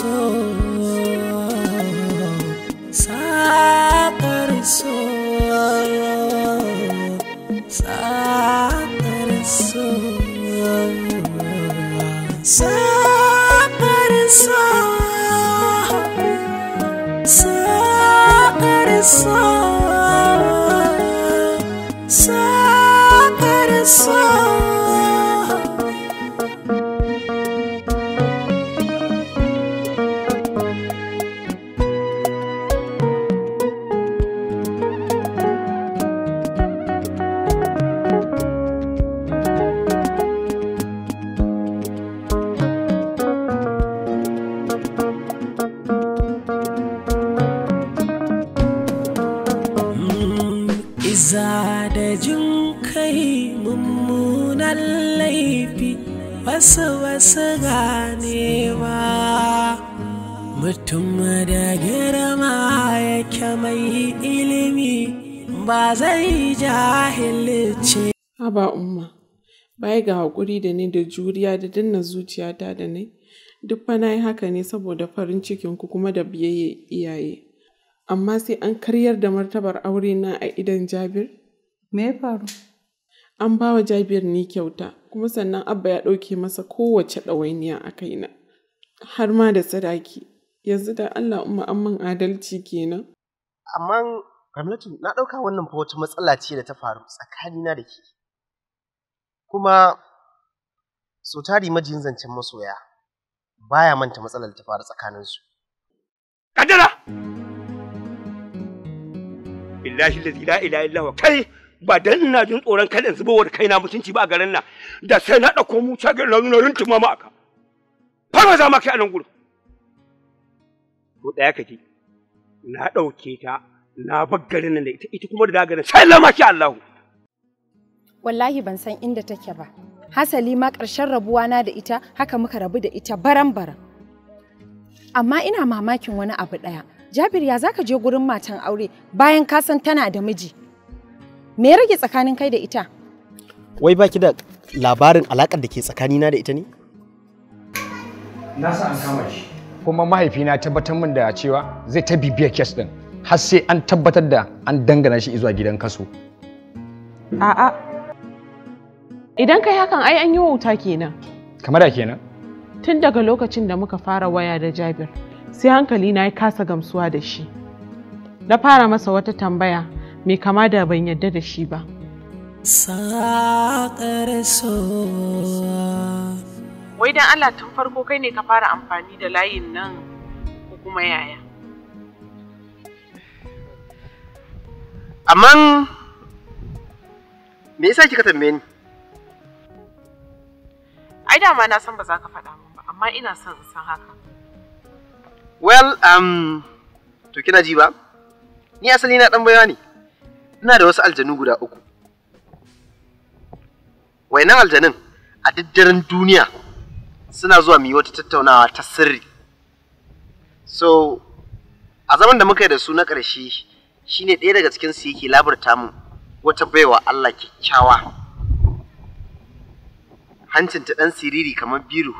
so wasu wasu ganewa mutum da girma yake mai ilimi ba zai jahilce haba umma baya ga haƙuri da ni da juriya da danna ta da ni duk fa na yi haka ne saboda farin cikin ku kuma da biyayye iyaye amma sai an karyar da martabar aure na a idan jabir me ya faru an ba wa jabiyar ni kyauta kuma sannan abba ya ɗauke masa kowace ɗawainiya a kaina har ma da sadaki yanzu da allah umma amman adalci kenan amma gwamnati na ɗauka wannan fa wata matsala ce da ta faru tsakanina da ke kuma so tari majin zancen masoya baya manta matsalar ta faru tsakaninsu kadara billahi la ilaha illa kai ba dan ina jin tsoron kada in zubo kai kaina mutunci ba a garin nan da sai na dauko mu ta ga nan tuma ma aka fara za ma kai a nan gurin to daya kaje na dauke ta na bar garin nan da ita ita kuma da garin sai lama ki Allah wallahi ban san inda take ba hasali ma ƙarshen rabuwa na da ita haka muka rabu da ita baran-baran amma ina mamakin wani abu ɗaya jabir ya zaka je gurin matan aure bayan ka san tana da miji me ya rage tsakanin kai da ita wai baki da labarin alakar da ke tsakanina da ita ne na sa an kama shi kuma mahaifina tabbatar min da cewa zai ta bibiya kes din har sai an tabbatar da an dangana shi zuwa gidan kaso a'a idan kai hakan ai an yi wauta kenan kamar da kenan tun daga lokacin da muka fara waya da jabir sai hankali na ya kasa gamsuwa da shi na fara masa wata tambaya mai kama da ban yadda da shi ba wai dan Allah tun farko kai ne ka fara amfani da layin nan ko kuma yaya amman me yasa kika tambaye ni ai ma na san ba za ka faɗa min ba amma ina son in san haka well um to kina ji ba ni asali na dan bayani ne ina da wasu aljanu guda uku wainan aljanun a daddaren duniya suna zuwa mu wata tattaunawa ta sirri so a zaman da muka yi da su na ƙarshe shi ne ɗaya daga cikin su yake labarta mu wata baiwa Allah kyakkyawa hancinta ɗan siriri kamar biru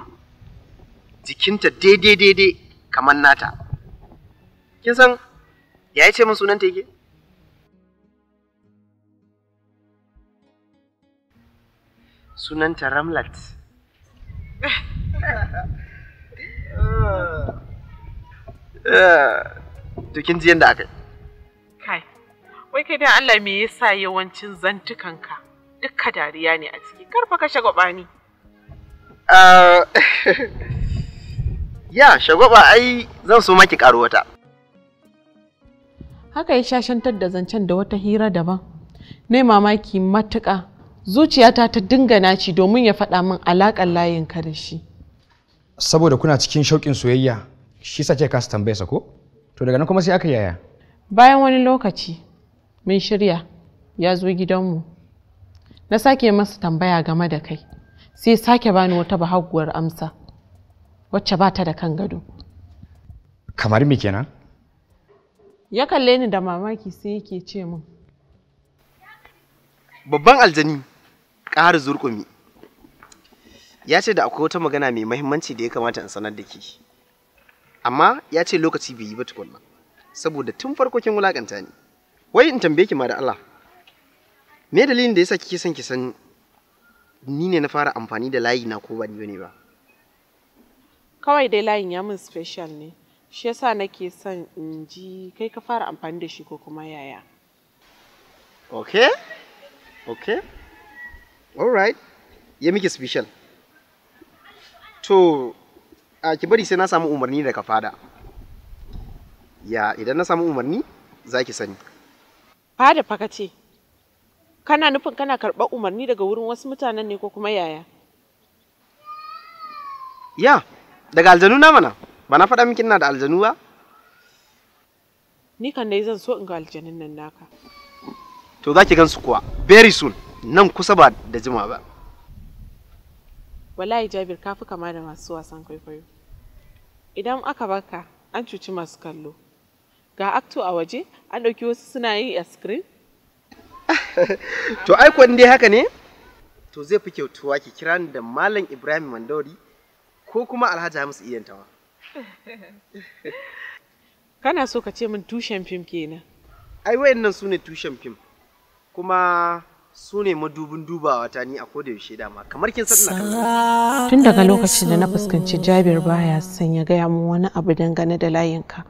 jikinta daidai daidai kamar nata kin san ya ce mun sunanta yake sunanta ramlat eh. to kin ji yadda aka kai wai kai dan Allah me yasa yawancin zantukanka dukka dariya ne a ciki karfa ka shagwabani eh. ya shagwaba ai zan so maki karo wata haka ya shashantar da zancen da wata hira daban ne mamaki matuƙa zuciyata ta dinga naci domin ya faɗa min alaƙar layin ka da shi saboda kuna cikin shauƙin soyayya shi sace ka su tambaye sa ko to daga nan kuma sai aka yaya bayan wani lokaci mun shirya ya zo gidanmu na sake masa tambaya game da kai sai sake bani wata bahaguwar amsa wacce ba ta da kan gado kamar me kenan ya kalle ni da mamaki sai yake ce min babban aljani ƙara zurƙumi ya ce da akwai wata magana mai mahimmanci da ya kamata in sanar da ke amma ya ce lokaci bai yi ba tukunna saboda tun farkokin wulaƙanta ne wai in tambaye ki ma da Allah me dalilin da yasa kike son ki san ni ne na fara amfani da layi na ko ba ne ba kawai dai layin ya min special ne shi yasa nake son in ji kai ka fara amfani da shi ko kuma yaya okay okay alright ya miki special to a ki bari sai na samu umarni daga fada ya idan na samu umarni za ki sani fada fa ce kana nufin kana karɓar umarni daga wurin wasu mutanen ne ko kuma yaya ya daga aljanu na mana ba na faɗa miki ina da aljanu ba ni kan dai zan so in ga aljanin nan naka to za ki gan su kuwa very soon nan kusa ba da jima ba wallahi jabir ka fi kama da masu wasan kwaikwayo idan aka baka an cuci masu kallo ga akto a waje an ɗauki wasu suna yin screen to ai dai haka ne to zai fi kyautuwa ki kira ni da malam ibrahim mandori ko kuma alhaji Hamis iyantawa kana so ka ce min tushen fim kenan ai wayannan su ne tushen fim kuma su ne madubin dubawa ta ni a koda yaushe dama kamar kin san ina tun daga lokacin da na fuskanci Jabir baya san ya gaya mu wani abu dangane da layinka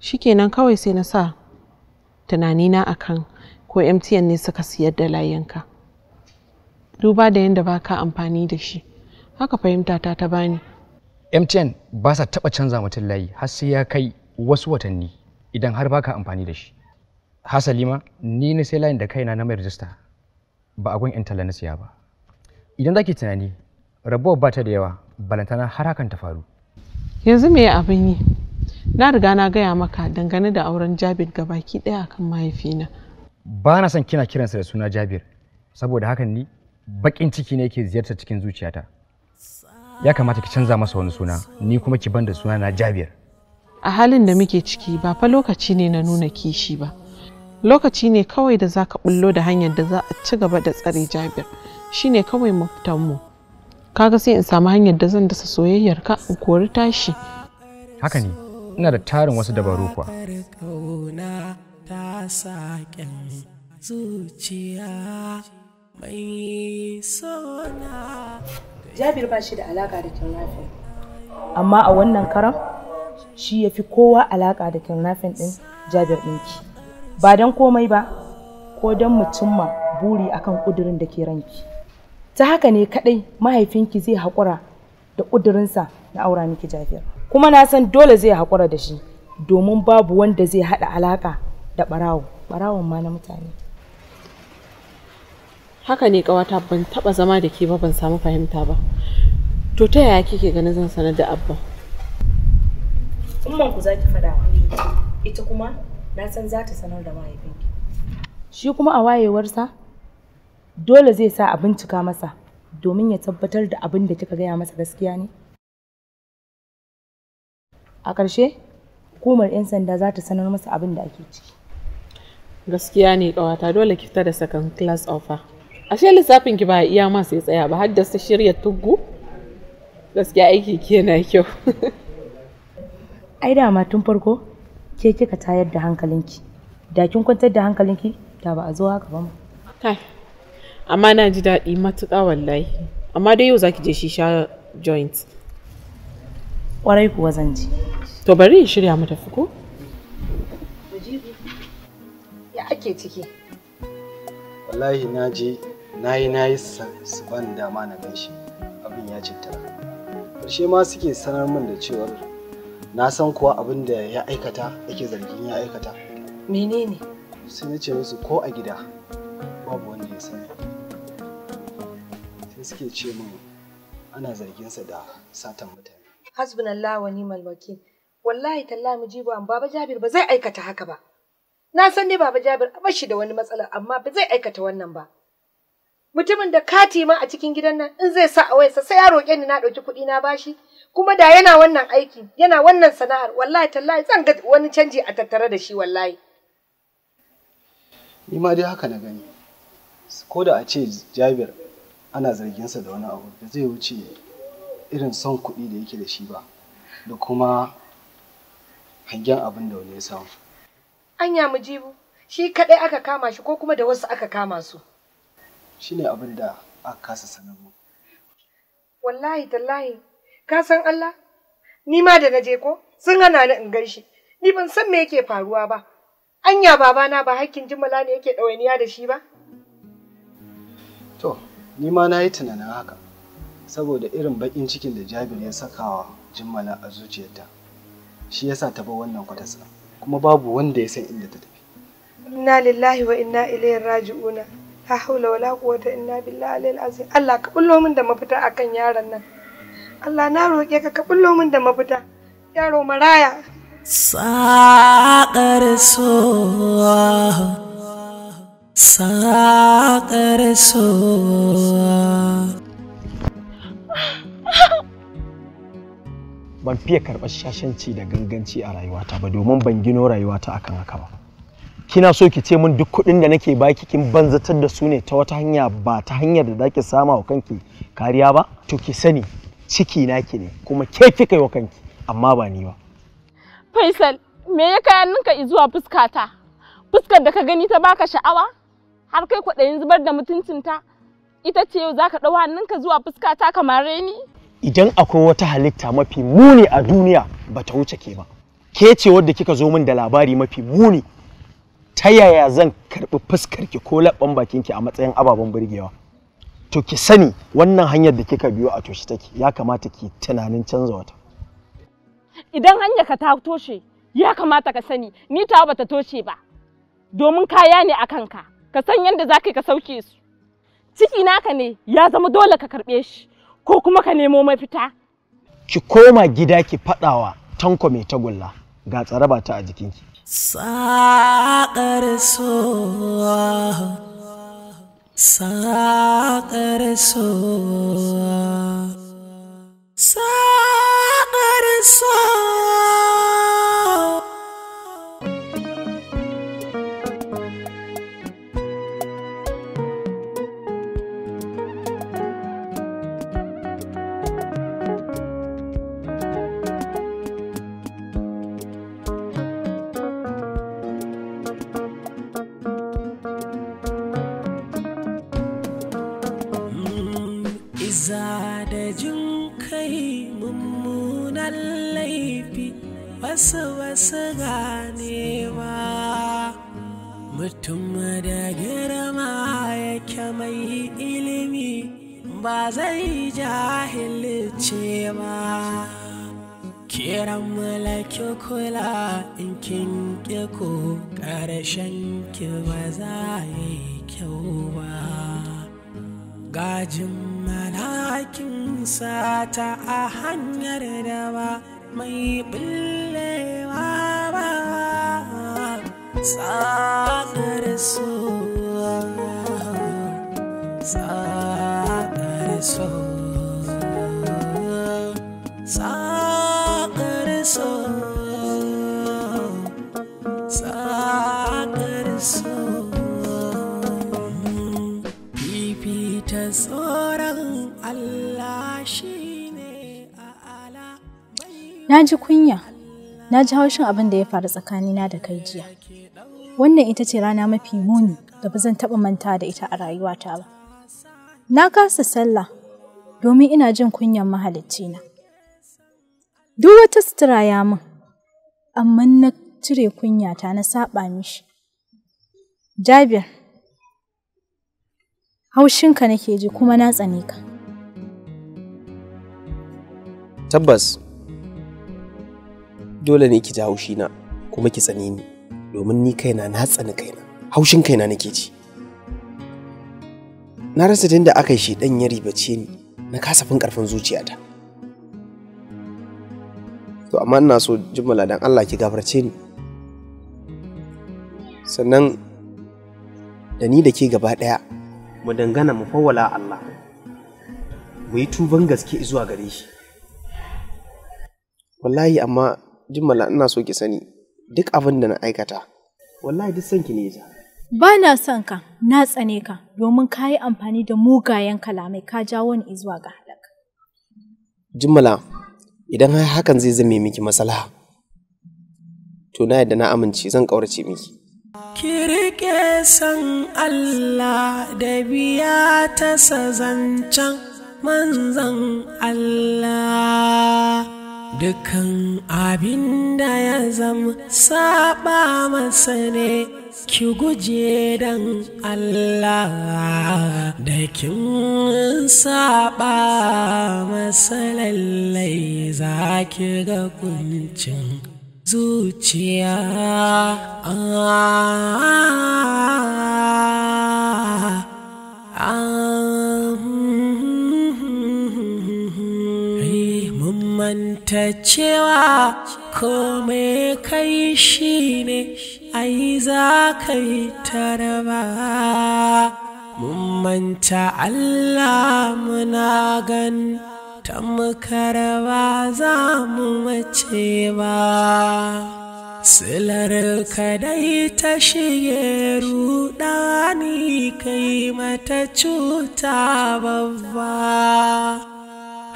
shikenan kawai sai na sa tunanina akan ko MTN ne suka siyar da layinka duba da yadda baka amfani da shi haka fahimta ta ta bani MTN ba sa taba canza mutun layi har sai ya kai wasu watanni idan har baka amfani da shi hasali ma ni na sai layin da kaina na mai rajista ba a gwan intala na siya ba idan zaki tunani rabuwar ba ta da yawa balantana har hakan ta faru yanzu me abin yi na riga na gaya maka dangane da auren jabir gabaki daya akan mahaifina ba na son kina kiransa da suna jabir saboda hakan ni bakin ciki ne yake ziyartar cikin zuciyata ya kamata ki canza masa wani suna ni kuma ki banda suna na jabir a halin da muke ciki ba fa lokaci ne na nuna kishi ba lokaci ne kawai da za ka bullo da hanyar da za a ci gaba da tsare jabir ne kawai mafitanmu kaga sai in samu hanyar da zan dasa soyayyar ka in kori tashi haka ne ina da tarin wasu dabaru kuwa jabir ba shi da alaka da kidnapping amma a wannan karam shi ya fi kowa alaka da kidnapping din jabir ɗinki. ba don komai ba ko don mutumma buri akan ƙudurin da ke ranki ta haka ne kaɗai mahaifinki zai haƙura da ƙudurinsa na aura miki jafiyar kuma na san dole zai haƙura da shi domin babu wanda zai haɗa alaƙa da ɓarawo ɓarawon ma na mutane haka ne ƙawata ban taɓa zama da ke ba ban samu fahimta ba to ta yaya kike ganin zan sanar da abba umman ku zaki faɗa ita kuma na san za ta sanar da mahaifinki shi kuma a wayewarsa dole zai sa a bincika masa domin ya tabbatar da abin da kika gaya masa gaskiya ne a ƙarshe hukumar 'yan sanda za ta sanar masa abin da ake ciki gaskiya ne ƙawata dole ki fita da second class offer ashe lissafin ki ba iya ma ya tsaya ba har da su shirya tuggu gaskiya aiki ke na kyau ai ma tun farko ke kika tayar da hankalinki da kin kwantar da hankalinki da ba a zo haka ba kai amma na ji daɗi matuƙa wallahi amma dai yau zaki je shi sha joint Ƙwarai kuwa zan ji to bari in shirya mu tafi ko ya ake ciki wallahi na je na yi na yi su ban dama na gan shi abin ya citta ƙarshe ma suke sanar min da cewar na san kuwa abin da ya aikata yake zargin ya aikata menene sai na ce musu ko a gida babu wanda ya sani sai suke ce min ana zarginsa da satan mutane hasbunallah wa ni'mal wakil wallahi tallahi jibo an baba jabir ba zai aikata haka ba na san ne baba jabir a shi da wani matsala amma ba zai aikata wannan ba mutumin da kati ma a cikin gidan nan in zai sa a wayarsa sai ya roƙe ni na ɗauki kuɗi na bashi kuma da yana wannan aiki yana wannan sana'ar wallahi tallahi zan ga wani canji a tattare da shi wallahi ni ma dai haka na gani ko da a ce jabir ana zargin sa da wani abu da zai wuce irin son kuɗi da yake da shi ba da kuma hangen abin da wani ya samu anya mujibu shi kaɗai aka kama shi ko kuma da wasu aka kama su shine abin da aka kasa sanarwa wallahi tallahi Ka san Allah? Ni ma da naje ko sun hana ni in gaishe. Ni ban san me yake faruwa ba. Anya babana ba hakkin jimala ne yake ɗawainiya da shi ba? To, ni ma na yi tunanin haka. Saboda irin baƙin cikin da Jabir ya sakawa jimala a zuciyarta. Shi yasa ta bar wannan kwatasa. Kuma babu wanda ya san inda ta tafi. Inna lillahi wa inna ilaihi raji'una. la haula wala quwwata illa billahi al-azim Allah ka bullo min da mafita akan yaron nan Allah na roƙe ka ka bullo min da mafita yaro maraya saƙar so saƙar so ban fiye karɓar shashanci da ganganci a rayuwata ba domin ban gino rayuwata akan haka ba kina so ki ce min duk kuɗin da nake baki kin banzatar da su ne ta wata hanya ba ta hanyar da zaki sama wa kanki kariya ba to ki sani ciki naki ne kuma ke kika yi wa kanki amma ba ni ba Faisal me ya kayan ninka zuwa fuskata fuskar da ka gani ta baka sha'awa har kai kwaɗayin zubar da mutuncinta ita ce yau zaka ɗau hannunka zuwa fuskata kamar ni idan akwai wata halitta mafi muni a duniya ba ta wuce ke ba ke ce wadda kika zo min da labari mafi muni ta yaya zan karɓi fuskarki ko laɓɓan bakin ki a matsayin ababen burgewa to ki sani wannan hanyar da kika biyo a toshe take ya kamata ki tunanin canza wata idan hanyar ka ta toshe ya kamata ka sani ni ta bata toshe ba domin kaya ne a kanka ka san yadda za ka sauke su ciki naka ne ya zama dole ka karɓe shi ko kuma ka nemo mafita ki koma gida ki faɗawa tanko mai tagulla ga tsaraba ta a jikinki saƙar so saƙar so saƙar so wasu wasu ganewa mutum da girma yake mai ilimi ba zai jahilce ba kiran mulki kula in kin ƙi ko ƙarshen ki ba za yi kyau ba gajin malakin sata a hanyar da ba mai billewa ba tsadar so tsadar so tsadar so tsadar so fifi ta tsoron Allah Na ji kunya, na ji haushin abin da ya faru tsakanina da kai jiya. Wannan ita ce rana mafi muni da ba zan taɓa manta da ita a rayuwata ba. Na kasa sallah domin ina jin kunyan mahalicci na. Duk wata sutura ya min, amma na cire kunyata na saɓa mishi. Jabir, haushinka nake ji kuma na tsane ka. Tabbas, dole ne ki ji haushi na kuma ki tsani ni domin ni kaina na tsani kaina haushin kaina nake ji na rasa tun da aka yi yari ya ribace ni na kasa kasafin karfin zuciyata to amma ina so jimala dan Allah ki gafarce ni sannan da ni da ke gaba daya mu dangana mu fawwala Allah mu yi tuban gaske zuwa gare shi wallahi amma jimala ina so ki sani duk abin da na aikata wallahi duk sanki ne ja ba na son ka na tsane ka domin ka yi amfani da mugayen kalamai ka jawo ni zuwa ga halaka jimala idan hakan zai zame miki masala to na yadda na amince zan ƙaurace miki Kirke san Allah da biya ta sazancen manzan Allah dukan abin da ya zama saba masa ne ki guje dan Allah da kin saba masa lallai za ki ga kuncin zuciya ah. Ah. mantacewa komai kai shi ne ai za ka yi taraba mun manta Allah muna gan tamkar ba za mu mace ba silar kadai ta shige ruɗani kai mata cuta babba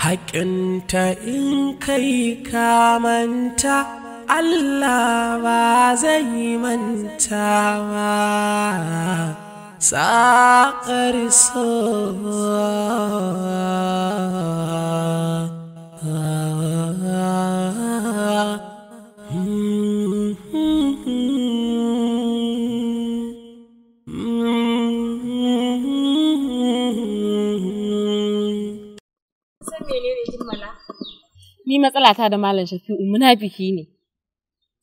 haƙinta in kai kamanta Allah ba zai manta ba saƙar hmm, hmm, hmm, ni matsalata da malam shafi'u munafiki ne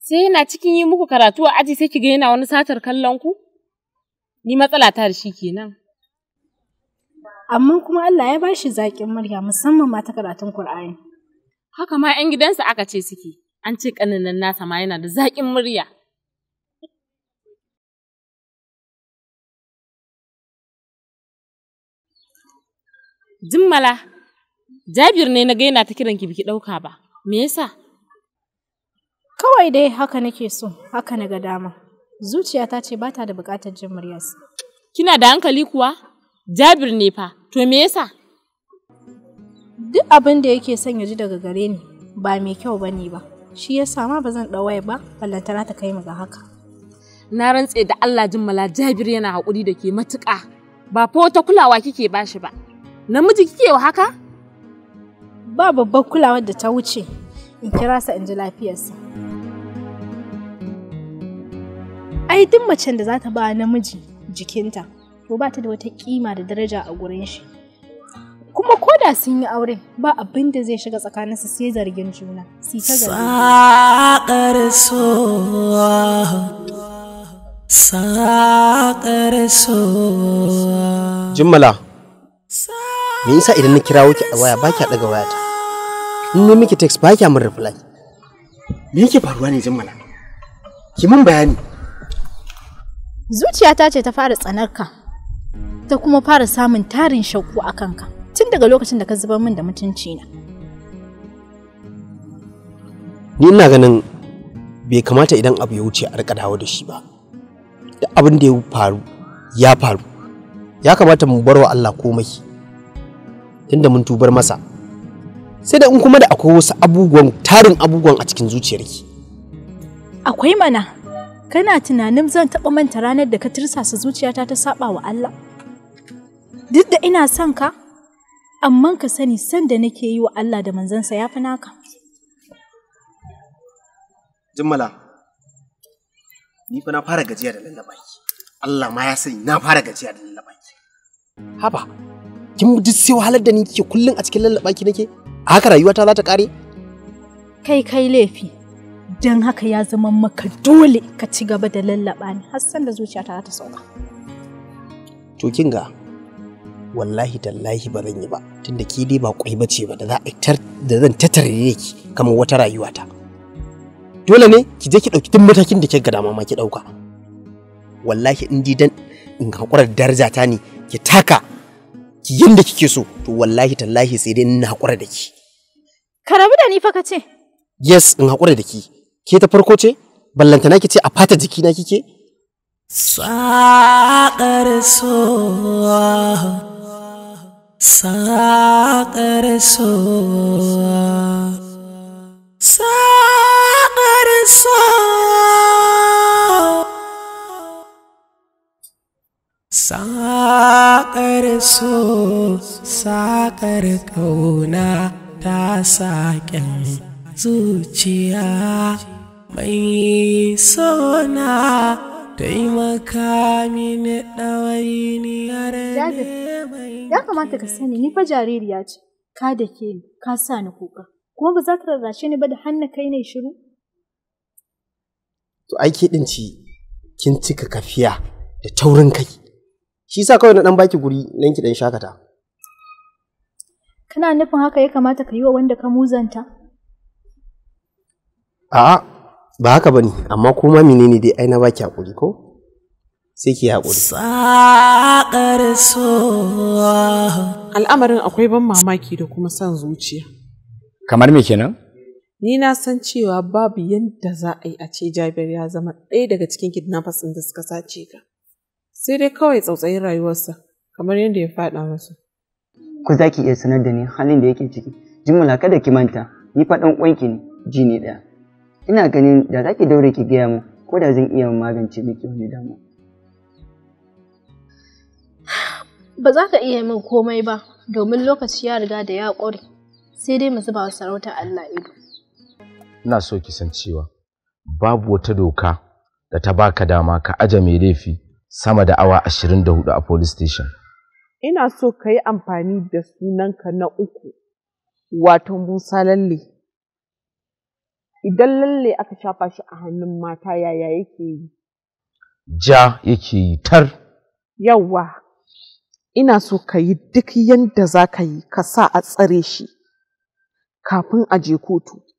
sai yana cikin yi muku karatu a aji sai kiga yana wani satar kallon ku ni matsalata da shi kenan amma kuma Allah ya bashi zaƙin murya musamman ma ta karatun Qur'ani haka ma 'yan gidansa aka ce suke an ce ƙaninan nasa ma yana da zaƙin murya Jummala Jabir ne na ga yana ta kiran ki biki ɗauka ba. Me yasa? Kawai dai haka nake so, haka na ga dama. ta ce ba ta da buƙatar jin muryarsa. Kina da hankali kuwa? Jabir ne fa, to me yasa? Duk abin da yake son ya ji daga gare ni ba mai kyau ba ne ba. Shi ya sama ba zan ɗawaye ba, ballantana ta kai mu ga haka. Na rantse da Allah jimmala Jabir yana haƙuri da ke matuƙa. Ba fa wata kulawa kike ba shi ba. Namiji kike wa haka? ba babbar kulawar da ta wuce in kira sa in ji lafiyarsa ai duk macen da za ta ba namiji jikinta to ba ta da wata kima da daraja a gurin shi kuma ko da sun yi aure ba abin da zai shiga tsakaninsu sai zargin juna si ta zargin saƙar Jummala, me yasa idan na kira ki a waya ba ki daga wayata? in maki miki text ba kya min reply me yake faruwa ne jin ki mun bayani zuciyata ce ta fara tsanarka ta kuma fara samun tarin shakku a kanka tun daga lokacin da ka zubar min da mutunci na ni ina ganin bai kamata idan abu ya wuce a rika dawo da shi ba da abin da ya faru ya faru ya kamata mu bar wa Allah komai tunda mun tubar masa sai da in kuma da akwai wasu abubuwan tarin abubuwan a cikin zuciyarki akwai mana kana tunanin zan taɓa manta ranar da ka tirsasa zuciyata ta saba wa Allah duk da ina son ka amma ka sani san da nake yi wa Allah da manzansa ya fi naka jimmala ni fa na fara gajiya da lallaba ki Allah ma ya sani na fara gajiya da lallaba ki haba kin duk sai wahalar da ni kike kullun a cikin lallaba ki nake haka rayuwata za ta kare Kai kai laifi, don haka ya zama maka dole ka ci gaba da lallaba ni har san da zuciyata za ta sauka. To kin ga wallahi tallahi ba zan yi ba tunda ke dai ba kwai bace ba da za a da zan tattare ki kamar wata rayuwata. Dole ne ki je ki ɗauki duk matakin da kika ga dama ma ki ɗauka. Wallahi in dan in haƙurar daraja ta ne ki taka yanda kike so to wallahi tallahi sai dai na hakura da ki ka da ni fa ka ce yes in hakura da ki ke ta farko ce ballantana ki ce a fata jiki na kike saƙar so saƙar so saƙar so saƙar so saƙar ƙauna ta saƙin zuciya mai sona taimaka mini ɗawainiyar ne ya kamata ka sani ni fa jaririya ce ka da ke ka sa ni kuka kuma ba za ka rarrashe ni ba da hannu kai ne shiru to aiki ɗin ci kin cika kafiya da taurin kai shi sa kawai na dan baki guri nan ki dan shakata kana nufin haka ya kamata ka yi wa wanda ka muzanta a'a ba haka bane amma kuma menene dai ai na baki hakuri ko sai ki hakuri saƙar so al'amarin akwai ban mamaki da kuma son zuciya kamar me kenan ni na san cewa babu yadda za a yi a ce Jabir ya zama ɗaya daga cikin kidnappers da suka sace ka sai dai kawai tsautsayin rayuwarsa kamar yadda ya faɗa masa. Ku za ki iya sanar da ni halin da yake ciki. Jimala kada ki manta, ni fa ɗan ƙwanki ne, ji ne ɗaya. Ina ganin da za ki daure ki gaya mu ko da zan iya magance miki wani damu. Ba za ka iya min komai ba, domin lokaci ya riga da ya ƙware, sai dai mu zuba wa sarauta Allah ido. Ina so ki san cewa babu wata doka da ta baka dama ka aje mai laifi sama da awa 24 a police station. Ina so ka yi amfani da sunanka na uku, wato Musa Lalle. Idan lalle aka shafa shi a hannun mata yaya yake yi? Ja yake yi tar. Yawwa, ina so ka yi duk yadda za ka yi ka sa a tsare shi kafin a je kotu.